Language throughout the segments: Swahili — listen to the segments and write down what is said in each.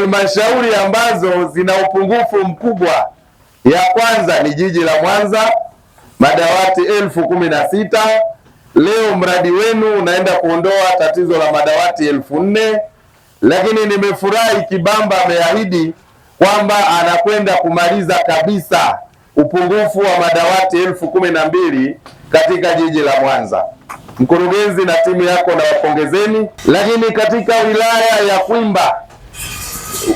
halmashauri ambazo zina upungufu mkubwa, ya kwanza ni jiji la Mwanza, madawati elfu kumi na sita. Leo mradi wenu unaenda kuondoa tatizo la madawati elfu nne, lakini nimefurahi Kibamba ameahidi kwamba anakwenda kumaliza kabisa upungufu wa madawati elfu kumi na mbili katika jiji la Mwanza. Mkurugenzi na timu yako nawapongezeni. Lakini katika wilaya ya Kwimba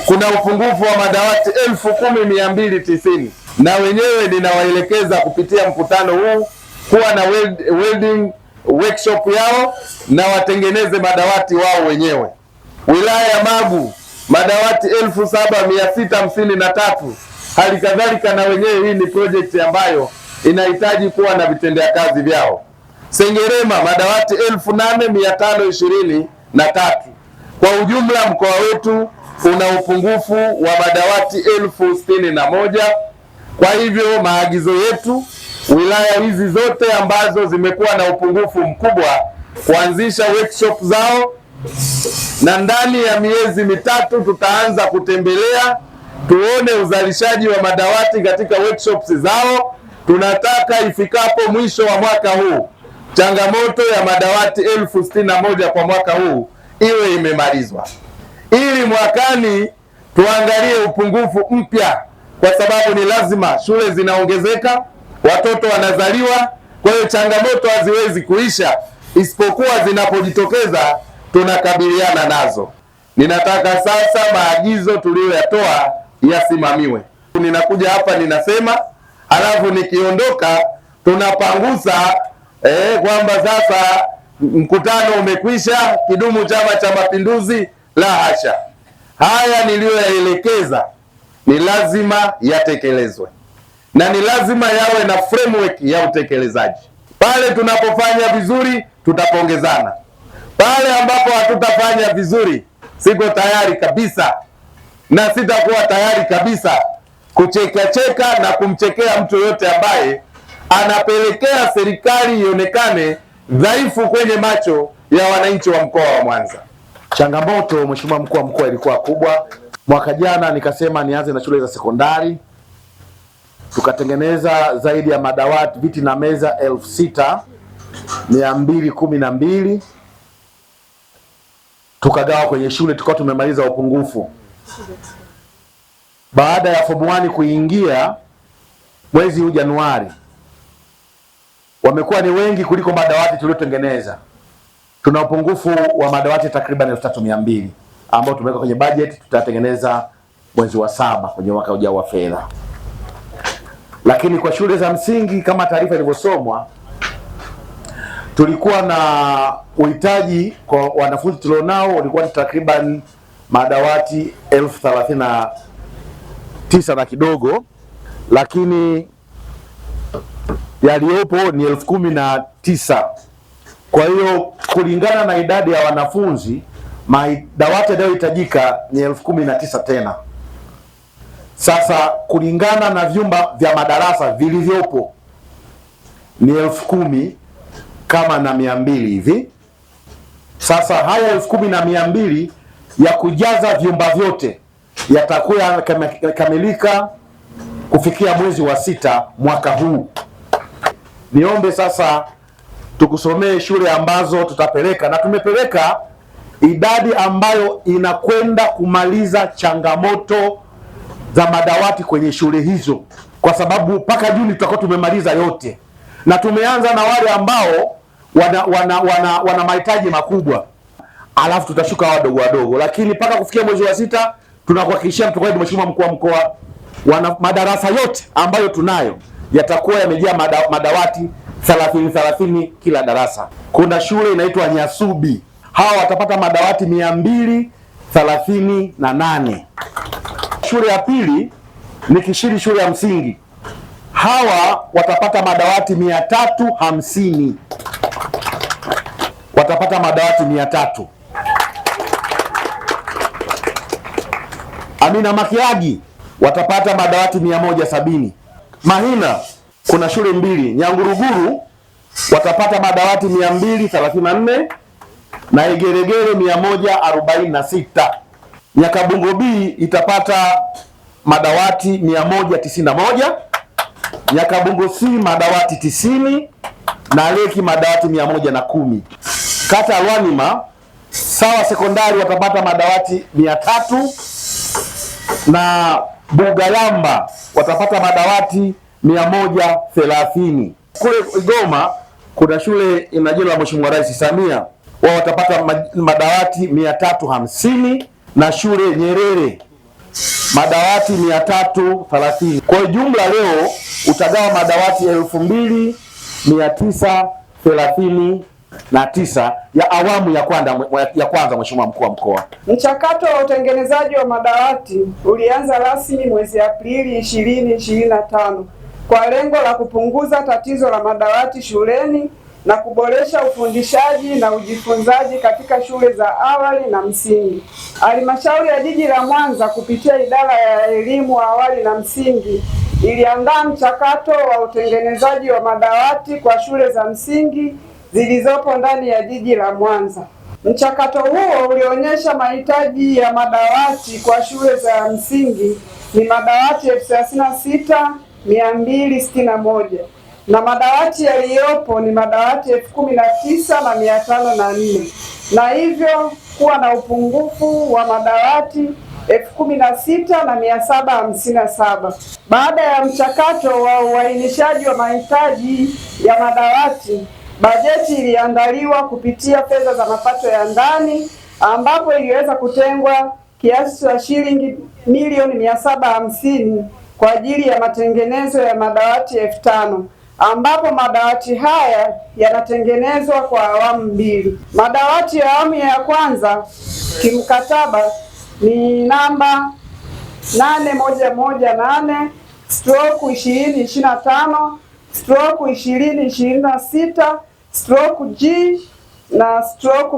kuna upungufu wa madawati elfu kumi mia mbili tisini na wenyewe ninawaelekeza kupitia mkutano huu kuwa na weld, welding workshop yao na watengeneze madawati wao wenyewe. Wilaya ya Magu madawati elfu saba mia sita hamsini na tatu. Hali kadhalika na wenyewe, hii ni project ambayo inahitaji kuwa na vitendea kazi vyao. Sengerema madawati elfu nane mia tano ishirini na tatu. Kwa ujumla mkoa wetu kuna upungufu wa madawati elfu sitini na moja. Kwa hivyo maagizo yetu wilaya hizi zote ambazo zimekuwa na upungufu mkubwa kuanzisha workshop zao, na ndani ya miezi mitatu tutaanza kutembelea tuone uzalishaji wa madawati katika workshops zao. Tunataka ifikapo mwisho wa mwaka huu changamoto ya madawati elfu sitini na moja kwa mwaka huu iwe imemalizwa ili mwakani tuangalie upungufu mpya, kwa sababu ni lazima, shule zinaongezeka, watoto wanazaliwa. Kwa hiyo changamoto haziwezi kuisha, isipokuwa zinapojitokeza tunakabiliana nazo. Ninataka sasa maagizo tuliyoyatoa yasimamiwe. Ninakuja hapa ninasema, alafu nikiondoka tunapangusa eh, kwamba sasa mkutano umekwisha, kidumu Chama cha Mapinduzi. La hasha, haya niliyoyaelekeza ni lazima yatekelezwe na ni lazima yawe na framework ya utekelezaji. Pale tunapofanya vizuri tutapongezana, pale ambapo hatutafanya vizuri siko tayari kabisa na sitakuwa tayari kabisa kucheka cheka na kumchekea mtu yoyote ambaye anapelekea serikali ionekane dhaifu kwenye macho ya wananchi wa mkoa wa Mwanza. Changamoto Mheshimiwa mkuu wa mkoa ilikuwa kubwa. Mwaka jana nikasema nianze na shule za sekondari, tukatengeneza zaidi ya madawati, viti na meza elfu sita mia mbili kumi na mbili tukagawa kwenye shule, tukawa tumemaliza upungufu. Baada ya fomu kuingia mwezi huu Januari, wamekuwa ni wengi kuliko madawati tuliotengeneza. Tuna upungufu wa madawati takriban elfu tatu mia mbili ambao tumeweka kwenye bajeti, tutatengeneza mwezi wa saba kwenye mwaka ujao wa fedha. Lakini kwa shule za msingi kama taarifa ilivyosomwa, tulikuwa na uhitaji kwa wanafunzi tulionao ulikuwa ni takriban madawati elfu thelathini na tisa na kidogo, lakini yaliyopo ni elfu kumi na tisa. Kwa hiyo kulingana na idadi ya wanafunzi madawati yanayohitajika ni elfu kumi na tisa tena. Sasa kulingana na vyumba vya madarasa vilivyopo ni elfu kumi kama na mia mbili hivi. Sasa haya elfu kumi na mia mbili ya kujaza vyumba vyote yatakuwa yamekamilika kufikia mwezi wa sita mwaka huu. Niombe sasa tukusomee shule ambazo tutapeleka, na tumepeleka idadi ambayo inakwenda kumaliza changamoto za madawati kwenye shule hizo, kwa sababu mpaka Juni tutakuwa tumemaliza yote, na tumeanza na wale ambao wana wana wana, wana mahitaji makubwa, alafu tutashuka wadogo wadogo, lakini mpaka kufikia mwezi wa sita tunakuhakikishia mtukaji, Mheshimiwa mkuu wa mkoa, wana madarasa yote ambayo tunayo yatakuwa yamejaa mada, madawati thelathini thelathini kila darasa. Kuna shule inaitwa Nyasubi, hawa watapata madawati mia mbili thelathini na nane. Shule ya pili ni Kishiri shule ya msingi, hawa watapata madawati mia tatu hamsini watapata madawati mia tatu. Amina Makiagi watapata madawati mia moja sabini. Mahina kuna shule mbili Nyanguruguru watapata madawati mia mbili thelathini na nne na Igeregere mia moja arobaini na sita. Nyakabungo B itapata madawati mia moja tisini na moja Nyakabungo C madawati tisini na Leki madawati mia moja na kumi Kata ya Lwanima sawa sekondari watapata madawati mia tatu na Bugalamba watapata madawati mia moja thelathini. Kule Igoma kuna shule ina jina la Mheshimiwa Rais Samia, wao watapata madawati mia tatu hamsini na shule Nyerere madawati mia tatu thelathini. Kwa jumla leo utagawa madawati elfu mbili mia tisa thelathini na tisa ya awamu ya kwanza ya kwanza. Mheshimiwa mkuu wa mkoa, mchakato wa utengenezaji wa madawati ulianza rasmi mwezi Aprili ishirini ishirini na tano kwa lengo la kupunguza tatizo la madawati shuleni na kuboresha ufundishaji na ujifunzaji katika shule za awali na msingi. Halmashauri ya Jiji la Mwanza kupitia idara ya elimu awali na msingi iliandaa mchakato wa utengenezaji wa madawati kwa shule za msingi zilizopo ndani ya Jiji la Mwanza. Mchakato huo ulionyesha mahitaji ya madawati kwa shule za msingi ni madawati elfu thelathini na sita mia mbili sitini na moja na madawati yaliyopo ni madawati elfu kumi na tisa na mia tano na nne na hivyo kuwa na upungufu wa madawati elfu kumi na sita na mia saba hamsini na saba baada ya mchakato wa uainishaji wa mahitaji ya madawati bajeti iliandaliwa kupitia fedha za mapato ya ndani ambapo iliweza kutengwa kiasi cha shilingi milioni mia saba hamsini kwa ajili ya matengenezo ya madawati elfu tano ambapo madawati haya yanatengenezwa kwa awamu mbili. Madawati ya awamu ya kwanza kimkataba ni namba 8118 stroke 2025 stroke 2026 stroke G na stroke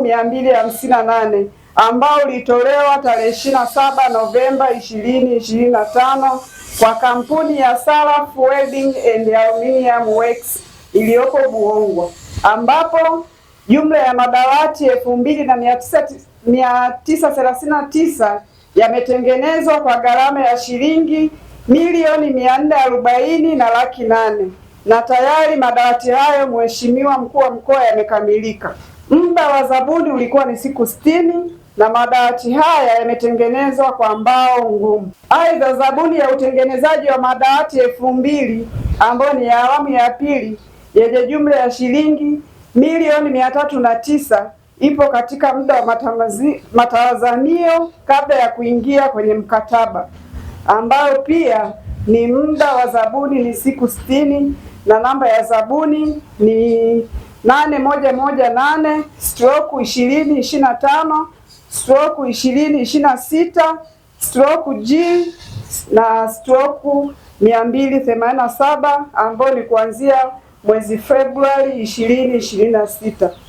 nane ambao ulitolewa tarehe 27 Novemba 2025 kwa kampuni ya Sala Welding and Aluminium Works iliyopo Buongwa ambapo jumla ya madawati 2939 yametengenezwa kwa gharama ya shilingi milioni mia na laki nane na tayari madawati hayo, Mheshimiwa Mkuu wa Mkoa, yamekamilika. Muda wa zabuni ulikuwa ni siku sitini na madawati haya yametengenezwa kwa mbao ngumu. Aidha, zabuni ya utengenezaji wa madawati elfu mbili ambayo ni ya awamu ya pili yenye jumla ya shilingi milioni mia tatu na tisa ipo katika muda wa matazamio kabla ya kuingia kwenye mkataba ambayo pia ni muda wa zabuni ni siku sitini na namba ya zabuni ni nane moja moja nane stroke ishirini ishirini na tano stroke ishirini ishirini na sita stroku G na stroku mia mbili themanini na saba ambayo ni kuanzia mwezi Februari ishirini ishirini na sita.